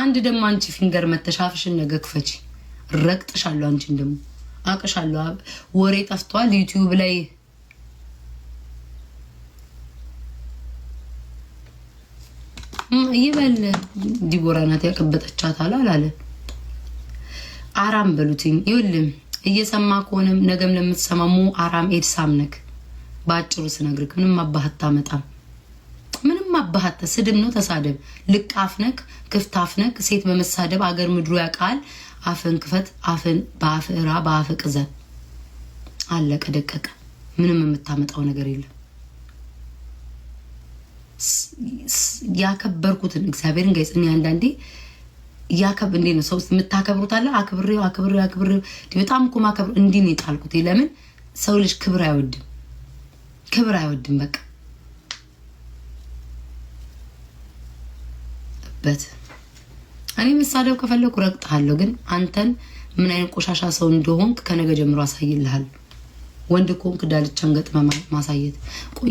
አንድ ደግሞ አንቺ ፊንገር መተሻፍሽን ነገ ክፈች ረግጥሻለሁ። አንቺን ደግሞ አቅሻለሁ። ወሬ ጠፍቷል ዩቲዩብ ላይ ይበል ዲቦራ ናት ያቀበጠቻታል አላለ አራም በሉትኝ ይውልም እየሰማ ከሆነም ነገም ለምትሰማሙ አራም ኤድሳም ነክ በአጭሩ ስነግርክ ምንም አባህታ መጣም ምንም አባሃተ ስድብ ነው። ተሳደብ፣ ልቅ አፍነክ ክፍት አፍነክ ሴት በመሳደብ አገር ምድሩ ያውቃል። አፍን ክፈት፣ አፍን በአፍ እራ በአፍ ቅዘን። አለቀ ደቀቀ። ምንም የምታመጣው ነገር የለም። ያከበርኩትን እግዚአብሔርን ገይጽ እኔ አንዳንዴ ያከብ እንዴ ነው ሰው የምታከብሩት አለ አክብሬው አክብሬው አክብሬው በጣም እኮ ማከብር እንዲህ ነው የጣልኩት። ለምን ሰው ልጅ ክብር አይወድም፣ ክብር አይወድም በቃ በት እኔ መሳደብ ከፈለኩ ረግጥሃለሁ፣ ግን አንተን ምን አይነት ቆሻሻ ሰው እንደሆንክ ከነገ ጀምሮ አሳይልሃል። ወንድ ኮንክ ዳልቻን ገጥመ ማሳየት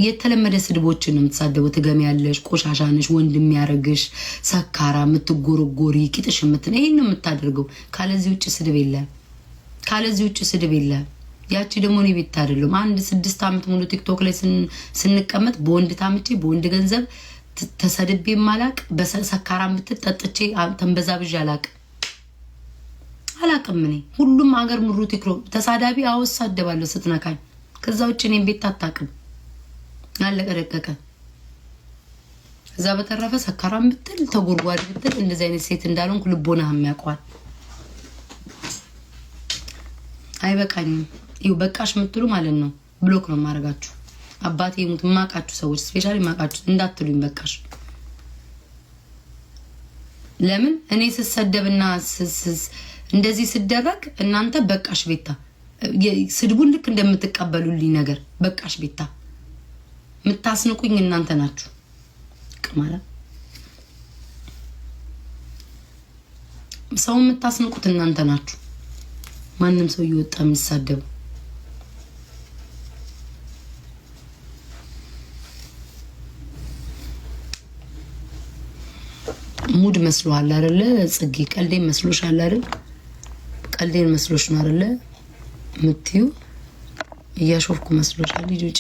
የተለመደ ስድቦችን ነው የምትሳደቡ። ትገሚ ያለሽ ቆሻሻንሽ፣ ወንድ የሚያረግሽ ሰካራ፣ የምትጎረጎሪ ቂጥሽ የምትን ይህን ነው የምታደርገው። ካለዚህ ውጭ ስድብ የለ፣ ካለዚህ ውጭ ስድብ የለ። ያቺ ደግሞ እኔ ቤት አይደለም አንድ ስድስት ዓመት ሙሉ ቲክቶክ ላይ ስንቀመጥ በወንድ ታምቼ በወንድ ገንዘብ ተሰድቤ ማላቅ በሰካራ ምትል ጠጥቼ ተንበዛብዣ አላቅ አላቅም። እኔ ሁሉም ሀገር ምሩት ይክሮ ተሳዳቢ አወሳደባለሁ ስትነካኝ። ከዛ ውጭ እኔም ቤት አታቅም። አለቀ ደቀቀ። እዛ በተረፈ ሰካራ ምትል ተጎርጓሪ ምትል እንደዚህ አይነት ሴት እንዳልሆንኩ ልቦናህም ያውቀዋል። አይበቃኝም። ይኸው በቃሽ ምትሉ ማለት ነው። ብሎክ ነው ማድረጋችሁ። አባቴ ሙት የማውቃችሁ ሰዎች ስፔሻሊ የማውቃችሁ እንዳትሉኝ በቃሽ። ለምን እኔ ስሰደብና እንደዚህ ስደረግ እናንተ በቃሽ ቤታ ስድቡን ልክ እንደምትቀበሉልኝ ነገር በቃሽ ቤታ የምታስንቁኝ እናንተ ናችሁ። ቅማላ ሰው የምታስንቁት እናንተ ናችሁ። ማንም ሰው እየወጣ የሚሳደቡ ሙድ መስሎሃል አይደለ? ጽጌ ቀልዴን መስሎሻል አይደል? ቀልዴን መስሎሽ ነው አይደለ? ምትዩ እያሾፍኩ መስሎሻል። ልጅ ውጪ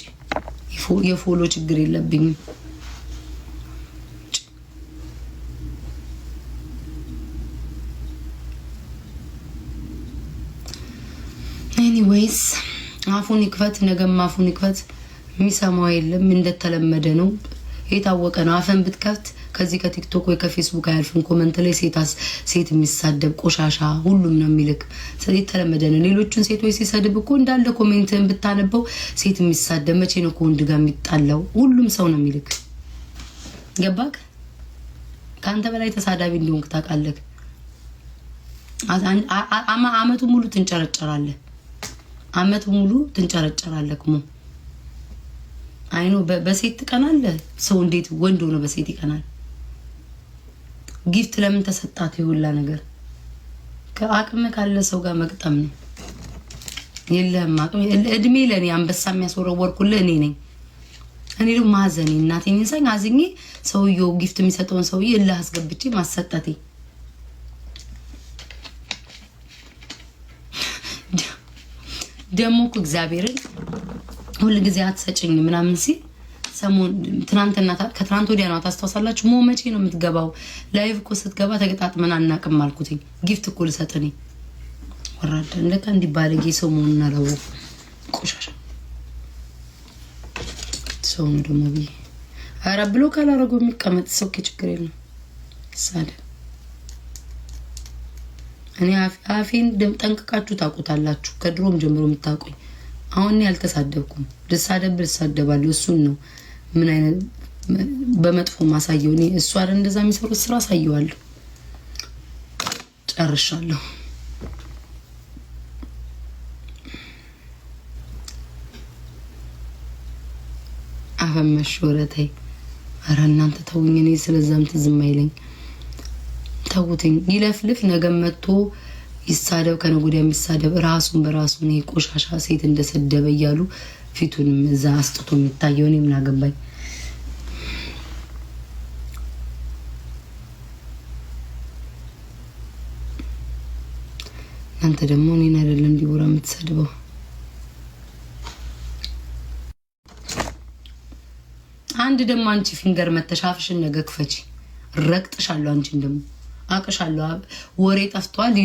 የፎሎ ችግር የለብኝም። ኤኒዌይስ አፉን ይክፈት፣ ነገም አፉን ይክፈት። የሚሰማው የለም እንደተለመደ ነው። የታወቀ ነው። አፈን ብትከፍት ከዚህ ከቲክቶክ ወይ ከፌስቡክ አያልፍም። ኮመንት ላይ ሴት የሚሳደብ ቆሻሻ ሁሉም ነው የሚልክ የተለመደ ነው። ሌሎቹን ሴቶች ሲሰድብ እኮ እንዳለ ኮሜንትን ብታነበው ሴት የሚሳደብ መቼ ነው ከወንድ ጋር የሚጣለው? ሁሉም ሰው ነው የሚልክ ገባክ? ከአንተ በላይ ተሳዳቢ እንዲሆንክ ታውቃለህ። አመቱ ሙሉ ትንጨረጨራለህ። አመቱ ሙሉ ትንጨረጨራለህ። ሞ አይኖ በሴት ትቀናለህ። ሰው እንዴት ወንድ ሆነ በሴት ይቀናል? ጊፍት ለምን ተሰጣት? የሁላ ነገር ከአቅም ካለ ሰው ጋር መቅጠም ነው። የለህም አቅም። እድሜ ለእኔ አንበሳ የሚያስወረወርኩልህ እኔ ነኝ። እኔ ደግሞ ማዘኔ እናቴኝ ሳኝ አዝኜ ሰውየው ጊፍት የሚሰጠውን ሰውዬ እልህ አስገብቼ ማሰጠቴ ደግሞ እኮ እግዚአብሔርን ሁልጊዜ አትሰጭኝ ምናምን ሲል ሰሞን ትናንትና ከትናንት ወዲያ ነው ታስታውሳላችሁ። ሞ መቼ ነው የምትገባው? ላይቭ እኮ ስትገባ ተገጣጥመን አናቅም አልኩትኝ። ጊፍት እኮ ልሰጥ እኔ ወራደ እንደካ ባለጌ ሰው መሆኑን አላወቁ ቆሻሻ ሰው ነው ደግሞ ብዬ ኧረ ብሎ ካላረጉ የሚቀመጥ ሰው ችግር የለም። ሳደ እኔ አፌን ጠንቅቃችሁ ታውቁታላችሁ። ከድሮም ጀምሮ የምታውቁኝ አሁን ያልተሳደብኩም ልሳደብ ልሳደባለሁ እሱን ነው ምን አይነት በመጥፎ ማሳየው እኔ እሱ አይደል እንደዛ የሚሰሩት ስራ አሳየዋለሁ። ጨርሻለሁ። አፈመሽ ወረተይ አረ እናንተ ተውኝ። እኔ ስለዛም ትዝም አይለኝ ተውትኝ። ይለፍልፍ ነገ መጥቶ ይሳደብ፣ ከነገ ወዲያ የሚሳደብ ራሱን በራሱ ቆሻሻ ሴት እንደሰደበ እያሉ ፊቱንም እዛ አስጥቶ የሚታየው እኔ ምን አገባኝ። እናንተ ደግሞ እኔን አይደለም ዲቦራ የምትሰድበው። አንድ ደግሞ አንቺ ፊንገር መተሻፍሽን ነገ ክፈች፣ ረግጥሻለሁ። አንቺን ደግሞ አቅሻለሁ። ወሬ ጠፍቷል።